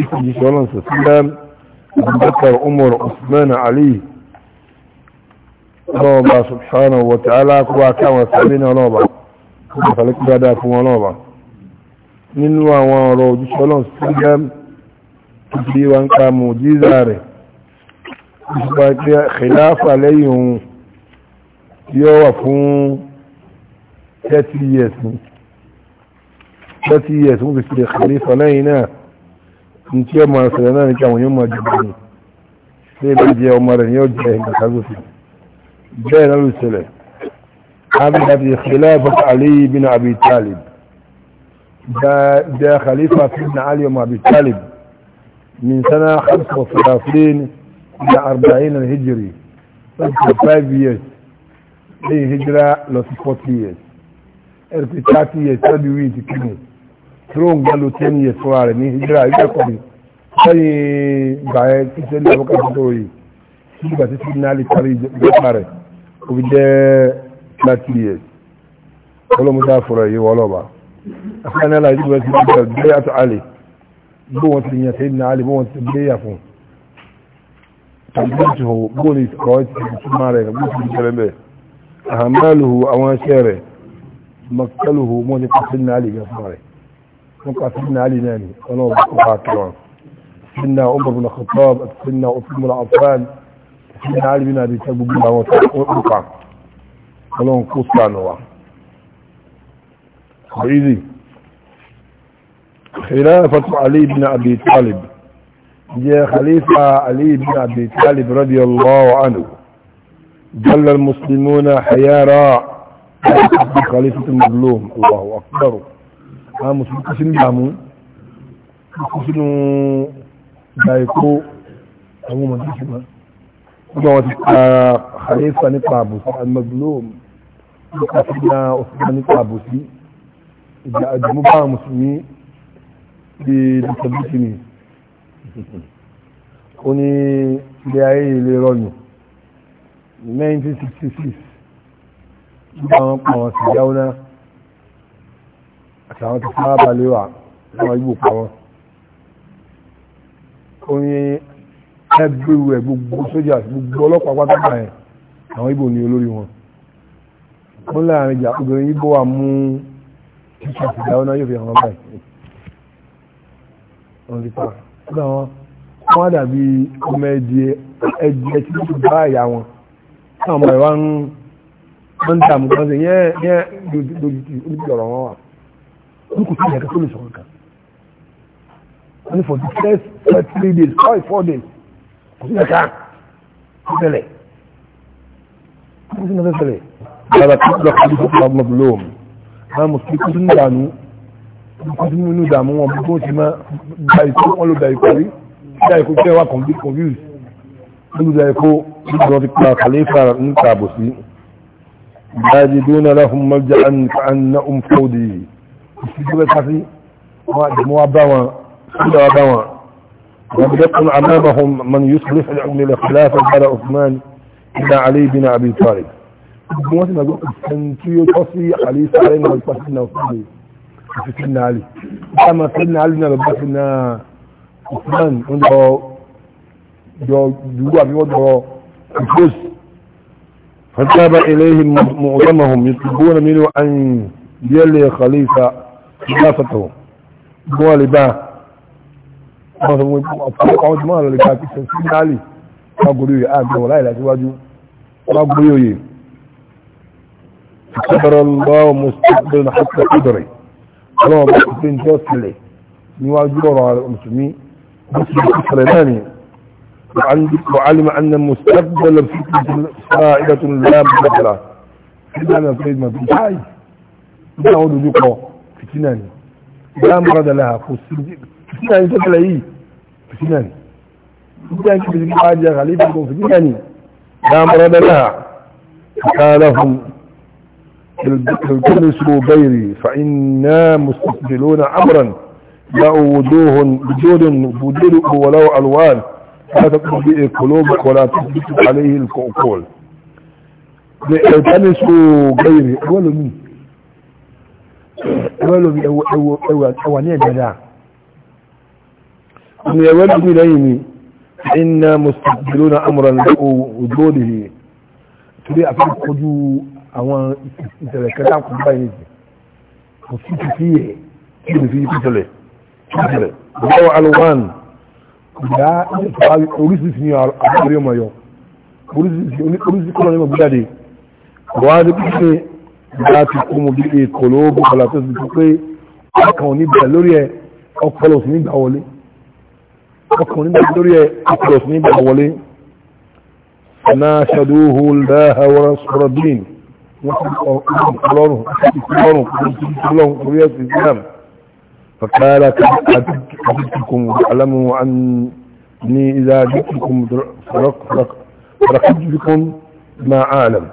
يكون جيشولا سلام أبو بكر عمر عثمان علي الله سبحانه وتعالى كوا كما سمينا الله فلك بدا كوا الله nínú àwọn ọ̀rọ̀ òjíṣẹ́ lọ́n sí jẹ́ bí wọn ká mú jíza rẹ̀ ìṣùgbà pé khilafa lẹ́yìn ohun yóò wà fún 30 years 30 fi ṣe khilafa lẹ́yìn náà ní tí ọmọ ìṣẹ̀lẹ̀ náà ní kí àwọn yóò máa jẹ bọ́ọ̀lù tí ebi jẹ ọmọ rẹ̀ yóò jẹ ẹ̀ǹkà kágòsì bẹ́ẹ̀ náà ló ṣẹlẹ̀ abdullahi àti khilafa ali bin abi talib jẹ́ khalifa bin ali bin abi talib min sana hamsa wa salafin ila arba'in al-hijri 25 years lẹ́yìn hijira lọ sí 40 years ẹ̀rọ 30 years 30 years throne gbalo ten years fúnra rẹ̀ ní hijira ìgbà kọ́ni sẹ́yìn ìgbà ẹ̀ tí sẹ́yìn ìgbà kan tó yìí tí ìgbà tí sí náà lè kárí ìjọba rẹ̀ ó fi jẹ́ thirty years ọlọ́mọdé àfọ̀rọ̀ yìí wọ́n lọ́ba afẹ́rẹ́ náà láti ìgbà tí ìgbà gbé àtọ̀ àlè bó wọn ti yàn sẹ́yìn náà àlè bó wọn ti gbé yà fún tàbí tó bó ní ìkọ́ ti túmọ̀ rẹ̀ bó ti jẹ́ bẹ́ẹ̀ àhàmẹ́lùhù àwọn iṣẹ́ rẹ̀ mọ̀kẹ́lùhù mọ́ ní pàṣẹ náà àlè gbà fún نقع سيدنا علي ناني أنا صل على سنة سيدنا عمر بن الخطاب سنة عثمان بن سنة علي بن ابي تابو بن وقع اللهم صل نوع خيري خلافة علي بن أبي طالب جاء خليفة علي بن أبي طالب رضي الله عنه جل المسلمون حيارا خليفة المظلوم الله أكبره àwọn mùsùlùmí kú sínú ìdààmú kú sínú ìgbà èkó àwọn ọmọdé sí ma gbogbo àwọn ti pa khalifa nípa àbòsí almaglom nípa sí na òsìlá nípa àbòsí ìjà àjùmọ́ bá àwọn mùsùlùmí di disability ni ó ní ilé ayé ilé rọ̀nù 1966 nígbà wọn pa àwọn sì yáwó náà àtàwọn tó fara balẹ̀ wà láwọn igbó pa wọn ó ní everywhere gbogbo sójà gbogbo ọlọ́pàá pátákà yẹn àwọn igbó ní olórí wọn ó láàrin ìjà obìnrin igbó wà mú títí ìdá ọ̀nà yóò fi àwọn báyìí wọn ti pa ọ̀dọ̀ wọn wọn dàbí ọmọ ẹdìẹ ẹdìẹ tí wọn bá ìyá wọn táwọn ọmọ ẹ wá ń dààmú kan sí yẹn yẹn lójútì olùdíjọrọ wọn wà ní kò sí ìyàkẹ́ tó lè sọ̀rọ̀ kan wọ́n ní for the first three days or four days kò sí ìyàkẹ́ tó tẹ̀lẹ̀ kò sí ìyàkẹ́ tẹ̀lẹ̀ bàbá tó lọ kọ́ lóṣù tó lọ́mọ lóòm àwọn mùsùlùmí kò tún dànù kò tún mú inú dààmú wọn bí wọ́n ti máa da ìkó wọn ló da ìkó rí da ìkó tẹ́ wá confused wọ́n da ìkó nígbà wọn ti pa kàlífà níta àbòsí. يجدون لهم ملجأ كأنهم فوضي ìṣẹ́jọ́ bẹ́ káfí wọ́n bá wọn sílẹ̀ wọ́n bá wọn ويبقون أمامهم من يصلح لهم الخلافة على عثمان إلى علي بن أبي طالب موسى نقول سنتي تصي علي سعرين والفتنة وصلي فتنة علي كما سنة علي نبقنا عثمان عنده جو جوا في وضعه الفوز فذهب إليهم معظمهم يطلبون منه أن يلي خليفة ìgbàsọ̀tọ̀ gbọ́n lè bá wọn sọ wọn ọ̀pọ̀lọpọ̀ àwọn jùmọ̀ lọ lè bá kìsẹ̀ sí náàlì lágorí òye àgbẹ̀wọ̀ láì lásíwájú lágorí òye ìkọ́dọ̀rọ̀ lọ́wọ́ mùsùlùmí náà hàtà ìdọ̀rẹ̀ ọlọ́wọ́ bá ti pé ní ọ̀sẹ̀lẹ̀ níwájú ọ̀rọ̀ mùsùlùmí mùsùlùmí ìṣẹ̀lẹ̀ náà ni وعلم أن مستقبل الفتنة فائدة لا بدل لها. إذا أنا في المدرسة، إذا أنا في fitina ni ìyá mọ́ra dàlẹ́ àfò fitina ni tẹ́tẹ́lẹ̀ yìí fitina ni fitina ni kìbìsì bá jẹ́ àlẹ́ ìfẹ́ fitina ni ìyá mọ́ra dàlẹ́ àkàlàfún التمسوا غيري فإنا مستقبلون أمرا لا وجوه وجود وجود ولو ألوان لا تقوم به قلوبك ولا تثبت عليه الكؤكول التمسوا غيري أولا مين ẹwẹ́lómi ẹwà ní ẹ̀dẹ̀dà ni ẹwẹ́lómi lẹ́yìn mi iná mùsùlùmí na amúra ní ojú òdì rẹ̀ torí àfihàn kojú àwọn ìṣẹ̀lẹ̀ kẹta kò bá yìí jì kò sí ti fi yẹ kí ni fi ìṣẹ̀lẹ̀ ìṣẹ̀lẹ̀ ìgbàwọ̀ alwan láti kó mo bí èkó lóògùn kọlá tó ti pé ọkàn onígbà lórí ẹ ọpọlọ sí nígbà wọlé ọkàn onígbà lórí ẹ ọpọlọ sí nígbà wọlé فناشدوه الله ورسول الدين فقال أدتكم واعلموا أني إذا جئتكم فرقت بكم ما أعلم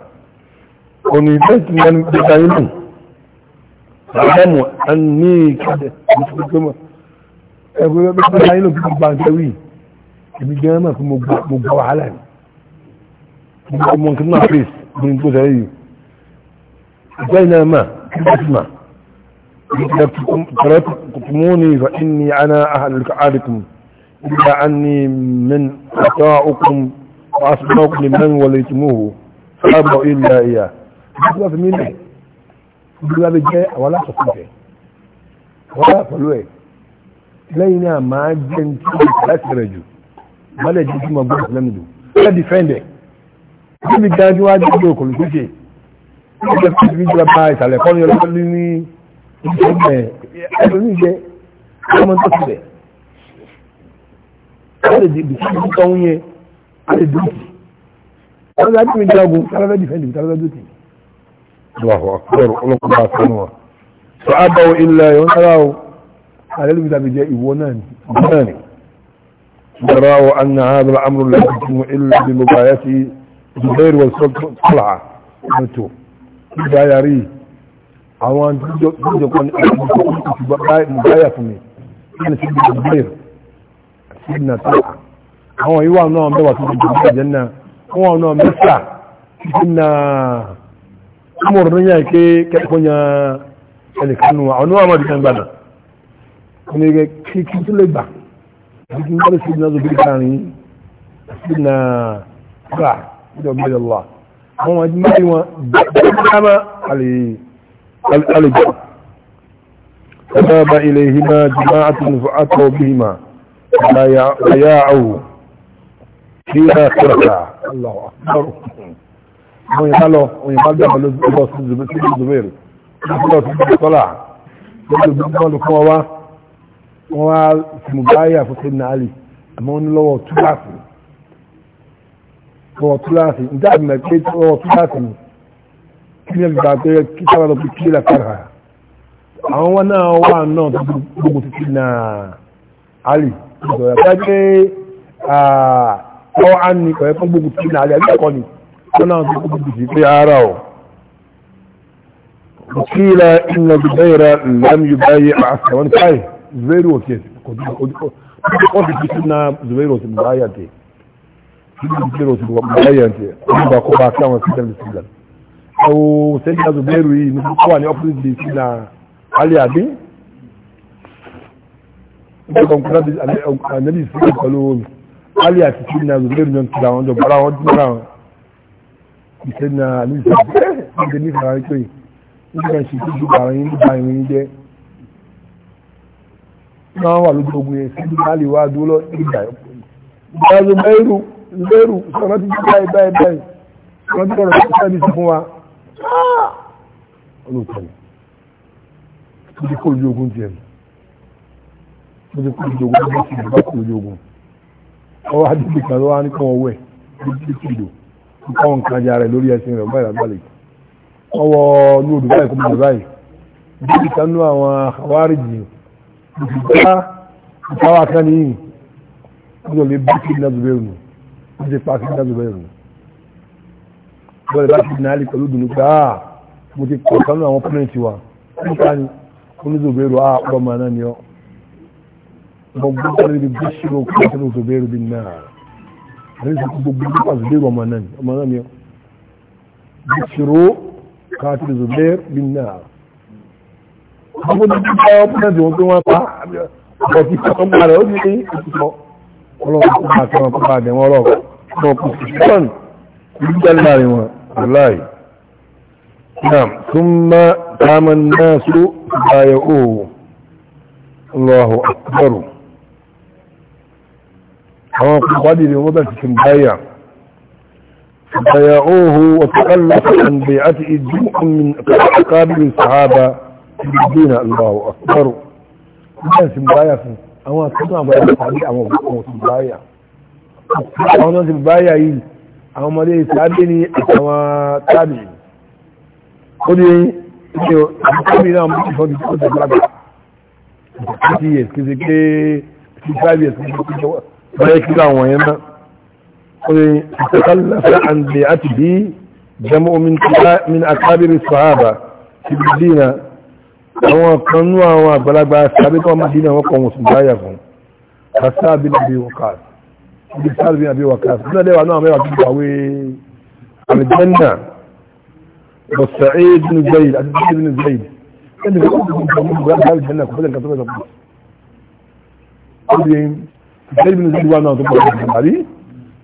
قميبات من بتعينهم علموا أني كده مثل الجمع أقول لك بتعينهم في البعثوي بجامعة في مجاوة علام ممكننا عريس من جوز عليهم جاينا ما كده اسمع تقوموني فإني أنا أهلك عالكم إلا أني من أطاعكم وأصبحوا لمن وليتموه فأبروا إلا إياه ìjọba fi mí lẹ̀ ìjọba fi jẹ́ àwọn aláṣọkùn jẹ àwọn aláṣọlú ẹ̀ lẹ́yìn náà máa jẹ́ ní tí ó láti rẹ̀ jù má lè jẹ́ kí mo gbọ́dọ̀ lẹ́nu jù ẹ̀ dìfẹ́ǹdẹ̀ kí mi gan wá jẹ́ ìjọba òkòlù tó ṣe ìjọba fi fi jọba bá ìsàlẹ̀ kọ́ni ọlọ́pàá ní ní ìjọba ẹ̀ ẹ̀ lónìí jẹ́ ọmọ tó ti bẹ̀ ọ̀rẹ́ الله أكبر ما أكبر فأبوا إلا ينروا على إذا جاء وناني وناني يروا أن هذا الأمر لا يتم إلا بمبايته الزبير والسلطة طلعة نتو إذا يري أوان تجدون مبايا فمي أنا سيدنا الزبير سيدنا طلعة أوان يوان نوم دوا سيدنا الجنة أوان نوم نسع سيدنا amur ní yà ké kẹ́kọ̀ọ́ yà ẹnìkanu wa ọ̀nà wà má di kan gbàdà ọ̀nà yà kí kí tó lè gbà bí kí n kọ́ lè sí ìdíná zòbí kan ní sí na lọ́wọ́ àwọn àti máa yìí wọn bẹ́ẹ̀ dáná àlejò فذهب إليهما جماعة فأتوا بهما لا يعوا فيها شركاء الله أكبر àwọn ìyẹn bá lọ òyìn bá dàbọ̀ lọ sí zubairu lọ sí tọ́lá lọ́dọ̀ fún ọwá wọ́n wá mùbáyà fún sẹ́dínà alì àmọ́ ní lọ́wọ́ túláàsì lọ́wọ́ túláàsì níta àmì mẹ́ pé lọ́wọ́ túláàsì ni kí ni ẹgbẹ̀ta pé kí sábà lọ fi kí là kára àwọn wọn náà wà náà tó gbogbo sí sẹ́dínà alì ìjọba pé ọwọ́ á ní ọ̀rẹ́ fún gbogbo sí sẹ́dínà alì àbí ni ọlọ́run tó kúrò jù pé ara ọ̀ òkìlá iná gbẹ̀rẹ̀ lámìí báyé àṣàwọn káì zubairu òkè kò fi kí sínú zubairu òkè báyà tẹ zubairu òkè báyà tẹ ọdún bá kó bá kí àwọn sílẹ̀ sílẹ̀ ẹwọ sẹ́yìn zubairu yìí ní kó wà ní ọ́fíìsì di sí na alẹ́ àbí ìjọba nǹkan náà ànábì sílẹ̀ zubairu náà ti ra wọn jọ bára ìṣẹ́nà àlùsà eh, ìdè ní ìfàwárí pé nígbà ìṣe tó ju àwọn yìí nígbà ìrìn jẹ́ máa wà lójú ogun yẹn síbi máa lè wá dúró lọ ìgbà ìgbà ló bẹ́rù bẹ́rù sọ̀rọ̀ ti bá ẹ báyìí báyìí sọ̀rọ̀ ti sọ̀rọ̀ ti sẹ́ẹ̀dì fún wa ah! olùtọ̀lẹ̀ tó ti kó lójú ogun tiẹ̀ tó ti kó lójú ogun tó ti bá kó lójú ogun ọwọ́ adébìkan ló wá ní kọ́ ọwọ́ ẹ̀ ní kíkìlò nǹkan nǹkan ajá rẹ̀ lórí ẹsìn rẹ̀ báyìí lágbàlẹ̀ ọwọ́ ní odò báyìí kó bàbá báyìí bí kanú àwọn àwárí jì ìfìgbà ìfáwà kan ní yìí wọ́n lè bí kí ní azùbẹ̀ rù wọ́n ti pa kí ní azùbẹ̀ rù wọ́n lè bá kí ní alì pẹ̀lú dùnú pé ah mo ti pọ̀ kanú àwọn pẹ́lẹ́ntì wa nípa ni onízùbẹ̀ rù ah ọ̀rọ̀ màá náà ni ọ́ mo lẹ́yìn sọ gbogbo nípa zubair ọmọ náà ni ọmọ náà ni bíṣirò káàkiri zubair bin náà gbogbo nípa ọmọ náà wọn pé wọn pa ọtí ọmọ rẹ ó ní ìtúkọ ọlọ́run tó bá kẹwọn kó bá dẹwọn ọlọ́run tó kù sí sọọni ìlú jẹ láàrin wọn aláì náà tún má dáàmà náà sọ ìgbà yẹ òòrùn Allahu akbar. هو قدر وضعت في البيع فبيعوه وتخلص عن بيعته جمع من قابل الصحابة المدينة الله أكبر الناس مبايع أما تضع بيع صحابي أما بقوة مبايع أما ناس مبايع أما ليه سابني أما تابعي قدر أبقابي نعم بقوة مبايع 30 years كذلك 35 years báyẹ̀ kí àwọn yẹn náà oye ìtàkàlàfẹ́ àndì àti bí jẹmọ́ min akábìrì sọ́hábà ti bí dínà àwọn kanú àwọn àgbàlagbà sàbí tó máa dínà wọ́n kọ̀ wọ́n sùn báyà fún kàsáàbí nàbí wọ́kàs ibi sáàbí nàbí wọ́kàs bí lọ́dẹ̀ wà náà mẹ́wàá bí wàwé àmìjẹ́nà bọ̀sàáyé bínú zayd àti zayd bínú zayd ẹni kọ́ bí wọ́n bí wọ́n bí wọ́n bí wọ́n bí wọ́n bí wọ́n bí wọ́n bí wọ́n زيد بن زيد وانا علي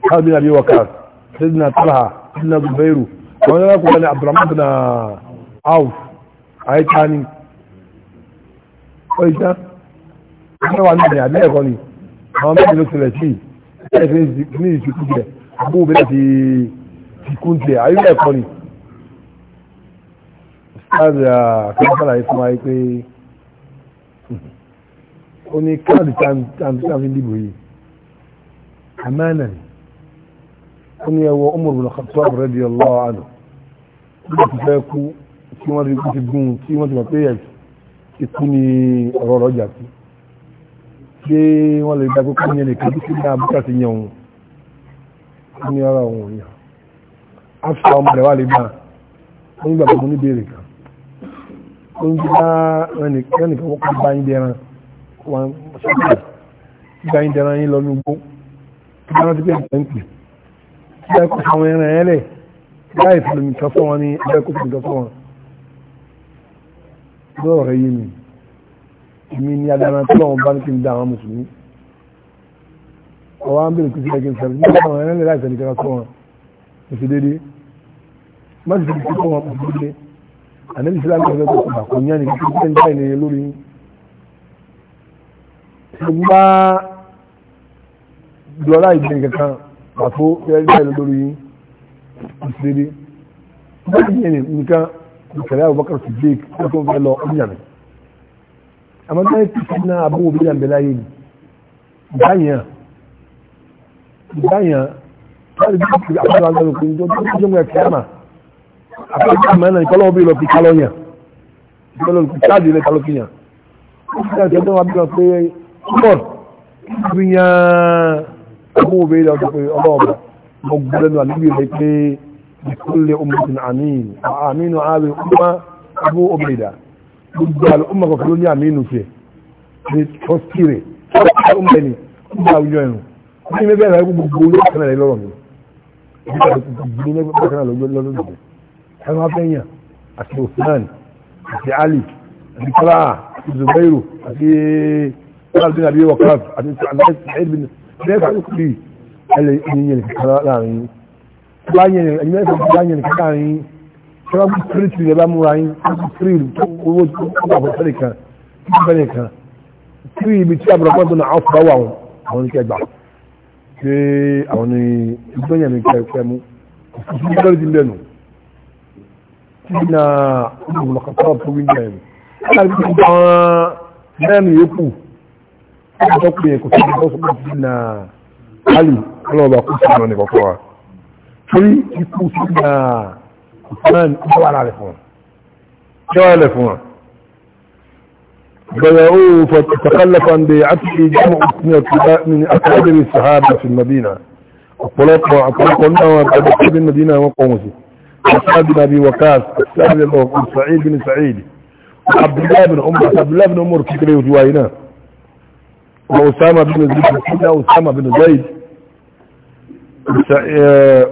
خالد بن ابي وقاص سيدنا طلحه سيدنا زبير وانا لك عبد الرحمن بن عوف اي ثاني ọjọ́ àwọn àmì àbẹ́ ẹ̀kọ́ ni àwọn mẹ́rin ló tẹ̀lẹ̀ sí ẹ̀fẹ́ ní ìṣùkú jẹ àbúrò bẹ́ẹ̀ ti fikún jẹ àyíká ẹ̀kọ́ ni. sáàdì àkẹ́kọ̀ọ́ àyíká pé ó ní káàdì tàbí dìbò yìí àmánà ni ó ní ẹwọ Umar bin Khattab radiyallahu anhu nígbà tó fẹ́ kú tí wọ́n rí ti gún tí wọ́n ti mọ̀ pé ẹ̀ ikú ni ọ̀rọ̀ ọ̀rọ̀jà sí pé wọ́n lè dá kókó yẹn nìkan tí ní abúkà ti yẹn òun ó ní ara òun yà á sọ ọmọ rẹ̀ wà lè bá ó ń gbàgbọ́ níbi èrè kan ó ń gbà ẹnìkan wọ́n kọ́ bá yín bí wọn sọ́kà gba ìdára yín lọ́nu gbó tó bá rántí pé ìgbà ń pè tí a kò àwọn ẹran ẹ lẹ̀ láì fìlùmí kan fún wọn ní abẹ́ kò fìlùmí wọn. lọ́rọ̀ rẹ yé mi èmi ni adana tó lọ́wọ́ bá ní kí n dá àwọn mùsùlùmí ọwọ́ àwọn bèrè kìí sí ẹgbẹ́ ìfẹ́ nígbà àwọn ẹran lẹ̀ láì fẹ́ni kan fún wọn kò sí déédéé má sì fi kí fún wọn kò sí déédéé àná ìsìlámù ẹgbẹ́ kò kò bà kò ní àná ìsìlámù ẹgbẹ́ lórí yín mo bá lọ́lá ìgbẹ́ kankan pàtó ẹgbẹ́ lórí ìṣeré báyìí ní nìkan ìṣẹ̀lẹ̀ Abubakar Siddiq tó tó ń fẹ́ lọ ọdún yàrá àmọ́ báyìí tó ti ná abúwò bí yàrá láyé ni ìbáyàn ìbáyàn láti bí i àpárá agbára òkú tó tó jẹ́ mọ́ ẹ̀kẹ́ àmà àpárá àmà náà ìkọlọ́ bí lọ fi kálọ́ yàn ìkọlọ́ fi káàdì rẹ̀ kálọ́ fi yàn ó fi ọmọd bí yá ọmọ òbí ilẹ̀ ọdún pé ọlọ́ọ̀bà mọ gbọ́lẹ̀ nù àlébí rẹ̀ pé ìkúlẹ̀ ọmọdún àmín àmínú ààrẹ ọmọ abú ọmọdà gbogbo àlọ́ ọmọ kọ̀ọ̀kan ló ní àmínú fẹ̀ ní tọ́sí rẹ̀ ọmọ ẹni gbogbo àwùjọ ẹ̀rù ní mẹ́fẹ́ rẹ̀ gbogbo olú àkànnà rẹ̀ lọ́rọ̀ mi ìdíkàlẹ̀ gbogbo àkànnà lọ́dún mi قال بن ابي وقاص سعيد بن ليس يقضي اليين كلامي láyẹn ẹ̀yìn ẹ̀fọ́ láyẹn káàrin tí wọ́n bí kírìtì rẹ̀ bá múra yín kírìtì tó owó tó kọ́ àfọ́sẹ́rì kan tí wọ́n bẹ̀rẹ̀ kan kírì ibi tí àbúrọ̀pọ̀ tó náà fọ́ wà wọn àwọn oníkẹ́ gbà pé àwọn ní ìgbóyàn mi kẹ́ fẹ́ mú ọjọ́ pé kò sí ìgbọ́ sọ́kọ́ sí na alì ọlọ́ọ̀bà kò sí ìrọ̀ nìkan fún wa torí ikú sí na ìsìnàn ìjọba ara rẹ̀ fún wa ìjọba rẹ̀ fún wa bẹ̀rẹ̀ ó fọ ìtàkàlẹ̀fà ń bẹ àti ìjọba òsìnà tó bá ní akọ́dẹ̀rẹ̀ sahaba fi madina ọ̀pọ̀lọpọ̀ àpapọ̀ ní àwọn àgbàdo tó bí madina wọn kọ̀ wọ̀sí asábì nàbí wakas asábì nàbí wakas sa'id bin sa'id abdullahi bin umar abdullahi bin umar kékeré òtúwáyé náà وأسامة بن زيد بن أسامة بن زيد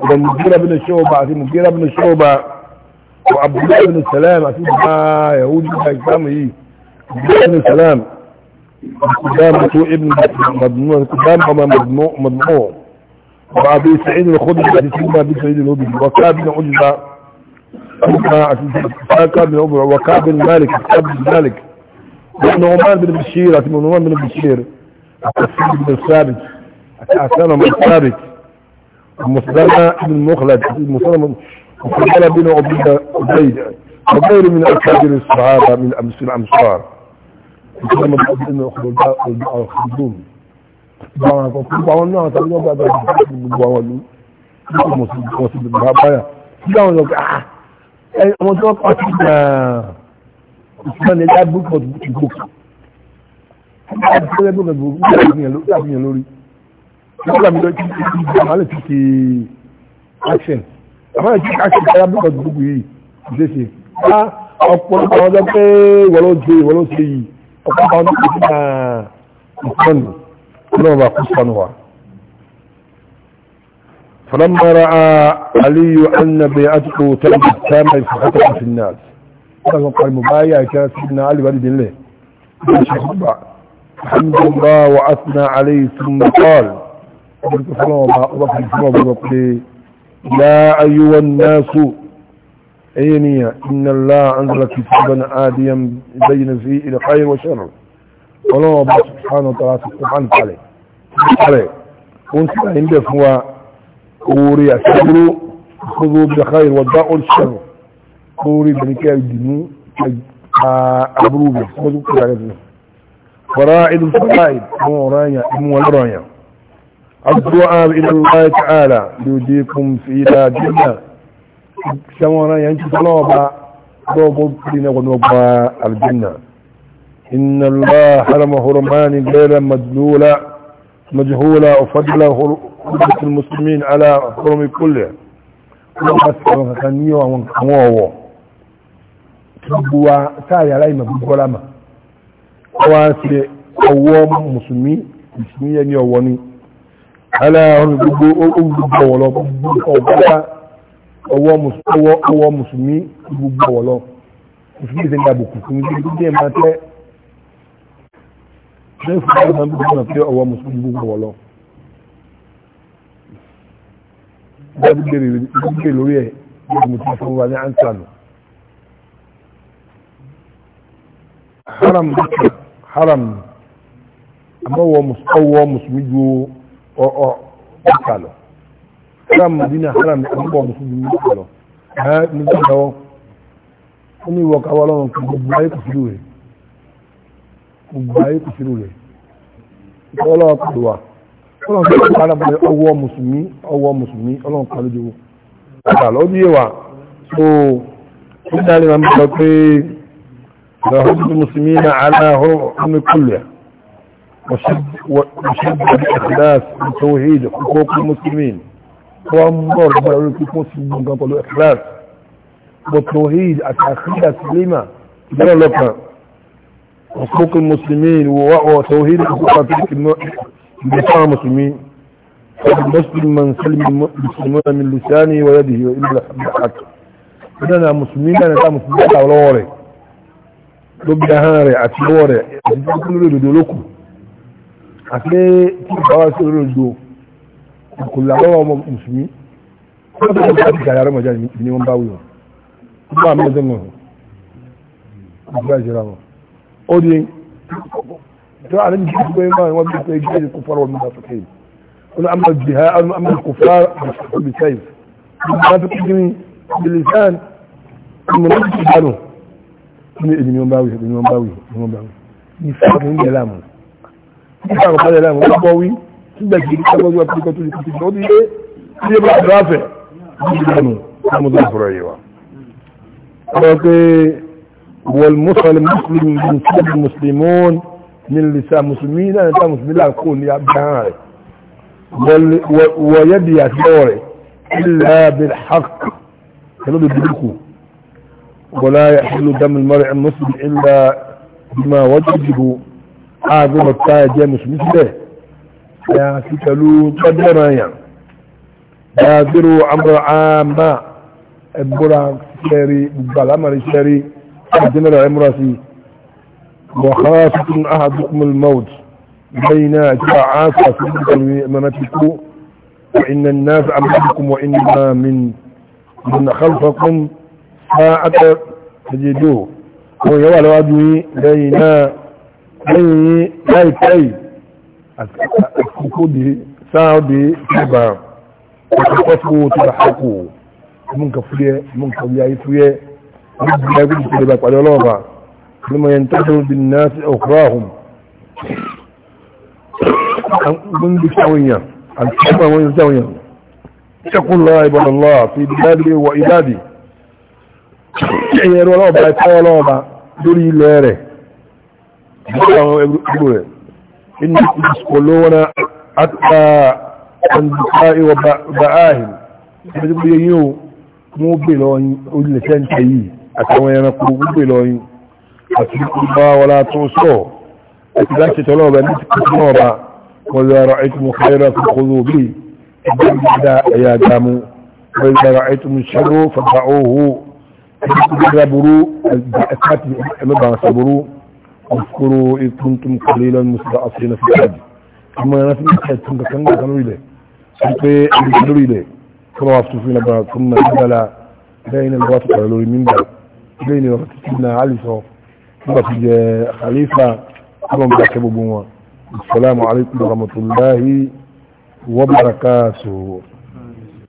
والمجيرة بن في المغيرة بن شعبة وعبد الله بن السلام في ما يهودي بن إيه؟ عبد الله بن السلام قدام قدامة ابن مضموع قدام قدامة مضموع مضموع وأبي سعيد الخدري في سمى أبي سعيد الخدري وكعب بن عجبة وكعب بن مالك وكعب بن مالك وكعب عمان بن بشير عمان بن بشير التسليم بن ثابت أسامة بن ثابت المسلمة بن مخلد المسلمة مفضلة بن عبيد عبيد وغير من أكابر الصحابة من أمس الأمصار مسلمة بن الخلدون بعض الناس تقول بعض الناس بالبوالو مسلم مسلم بالبابايا لا ولا آه أي أنا توقعت إن إسماعيل أبوك بوك ẹgbẹ́ tó gbogbo láàbíyàn lórí láàbíyàn lórí àmàlẹ̀ tí kì í action àmàlẹ̀ tí kì í action kára blọọdù gbogbo yìí ìdẹ́sẹ̀ bá ọ̀pọ̀lọpọ̀ àwọn ọjọ́ pé wọ́n ló dé wọ́n ló ṣe yìí ọ̀pọ̀lọpọ̀ àwọn ọjọ́ فلما رأى علي أن بيعته تم تامة فخطب في الناس. هذا قال مبايع كان سيدنا علي ولد الله. الحمد لله وأثنى عليه ثم قال يا أيها الناس أيني إن الله أنزل كتابا آديا بين فيه إلى خير وشر ولو الله سبحانه وتعالى سبحانه عليه عليه كنت عند فوا قوري أسبروا خذوا بالخير وداء الشر قوري بنكاء الدنو خذوا به فرائد الفرائد مو رايا مو رايا الدعاء الى الله تعالى يوديكم في الى جنة كما رايا انت يعني طلبة طلبة لنا ونبا الجنة إن الله حرم هرمان غير مدلولة مجهولة وفضل حرمة المسلمين على حرم كله وقد كان يوم كموه تبوا تايا لاي مبوغلما wá sí ọwọ́ mùsùlùmí mùsùlùmí ẹni ọwọ́ ni aláàrùn gbogbo gbogbo ọwọ́ lọ ọwọ́ mùsùlùmí gbogbo ọwọ́ lọ mùsùlùmí ti ń dàbò kù fún mi bí díẹ̀ máa tẹ́ lẹ́yìn fún ọwọ́ mùsùlùmí gbogbo ọwọ́ ọwọ́ mùsùlùmí gbogbo ọwọ́ lọ. dábìlì lórí ẹ̀ bí mo ti fún wa ní àǹtàlù. haram dukkan haram amma wa musulmi ju ọkà lọ haram madina haram àbúkọ musulmi ọkà lọ ẹ ní sọ́dọ̀ ó ní ìwọ̀ká wọ́n lọ́wọ́ kí gbogbo ayé kò sírù rẹ̀ gbogbo ayé kò sírù rẹ̀ ọlọ́wọ́ kò wà ọlọ́wọ́ kò wà lábẹ́ ọwọ́ musulmi ọwọ́ musulmi ọlọ́wọ́ kò lójú ọkà lọ ó bí yé wa so ó dárí ma ń bọ̀ pé لهم المسلمين على هم كلها وشد الإخلاص بالإخلاص وتوحيد حقوق المسلمين وامر بلوك المسلمين قبل الإخلاص والتوحيد التأخير سليمة جرى لك حقوق المسلمين وتوحيد حقوق المسلمين فالمسلم من سلم المسلمون من لسانه ويده وإلا الحق إننا مسلمين أنا مسلمين على ورق ló bí ahọ́n rẹ̀ àti ọwọ́ rẹ̀ àti tó kú lórí òdòdó lókù àti tí ìgbà wá sí lórí òdòdó kò làwọ́ ọmọ mùsùlùmí wọ́n tó kọjá ti gàyà rọmọjá ni wọ́n bá wù wọ́n tó bá mẹ́rin sẹ́nu ọ̀hún ìgbà ìṣẹ́ra wọn ó di tó àlẹ́ ní kí wọ́n máa wọ́n bí pé ìgbà ìṣẹ́ kò fọ́rọ̀ nígbà tó kéyì wọ́n á máa jì á máa kò fá bí sẹ́yìn wọ́n máa ní èdè ni wọ́n bá wí èdè ni wọ́n bá wí ni wọ́n bá wí ní fáàkì ń jẹ láàmú ní fáàkì ń jẹ láàmú wọ́n bọ́ wí nígbà tí ìdí sábọ́ wíwá tó tó tó tó ti yé tí yé bá tó ráfẹ̀ ní ìdí lẹ́nu ọmọ tó fọ̀rọ̀ yìí wa. wọ́n pe wọ́n mùsùlùmí mùsùlùmí ní sílẹ̀ mùsùlùmí ní lìsà mùsùlùmí náà ní mùsùlùmí là kó ní abẹ́hàn rẹ̀ wọ́n yẹ́ ولا يحل دم المرء المسلم إلا بما وجده أعظم التاجة مش مثله يا سيكالو قدر يا بادروا أمر عام برا شاري بالأمر شاري أدنى العمرسي وخاصة أحدكم الموت بين جاعات منتكو وإن الناس أمامكم وإنما من من خلفكم aka tajedo àwọn èèyàn wà lọ́wọ́dú yí lẹ́yìn náà lẹ́yìn yí láìpẹ́ì àkókò dé sáà dé ṣùgbà àkókò tó tó bá hàkó mú nǹkan fúyẹ́ mú nǹkan bí ayé fúyẹ́ ní bí ayé kúrò tó lè bá pàdé ọlọ́ọ̀bà ẹ̀yẹ ẹ̀rọ ọlọ́ọ̀bá ẹ̀kọ́ ọlọ́ọ̀bá lórí ilẹ̀ rẹ̀ àwọn ẹgbẹ̀rún rẹ̀ inú ìṣòlówọ́nà àtà àndùká ìwọ̀ ba'áhìn ẹgbẹ̀rún yíò mú bè lọ́yìn orílẹ̀ tẹ́ǹtẹ̀ yìí àtàwọn ẹranko gbé lọ́yìn àti ìgbà wọlá tó láti tọ́lọ́ ọba ní tìkọ́ náà wọ́n yọ ara ẹ̀tù mú kẹrẹ kòkòrò bí ẹgbẹ̀rún ẹ̀yà dámú wọ́n yọ ara ẹ̀tù ṣẹ́rọ fàbà òhù saburu al-ba'asati al-ba saburu اذكروا إذ كنتم قليلا مستضعفين في الأرض ثم ينفي حيث كان كانوا إليه سلطي أبدلوا إليه كما وفتوا فينا بعض ثم نزل بين الواسط على لوري من بعد بين وقت سيدنا علي صوف ثم في خليفة ثم مركبوا بوا السلام عليكم ورحمة الله وبركاته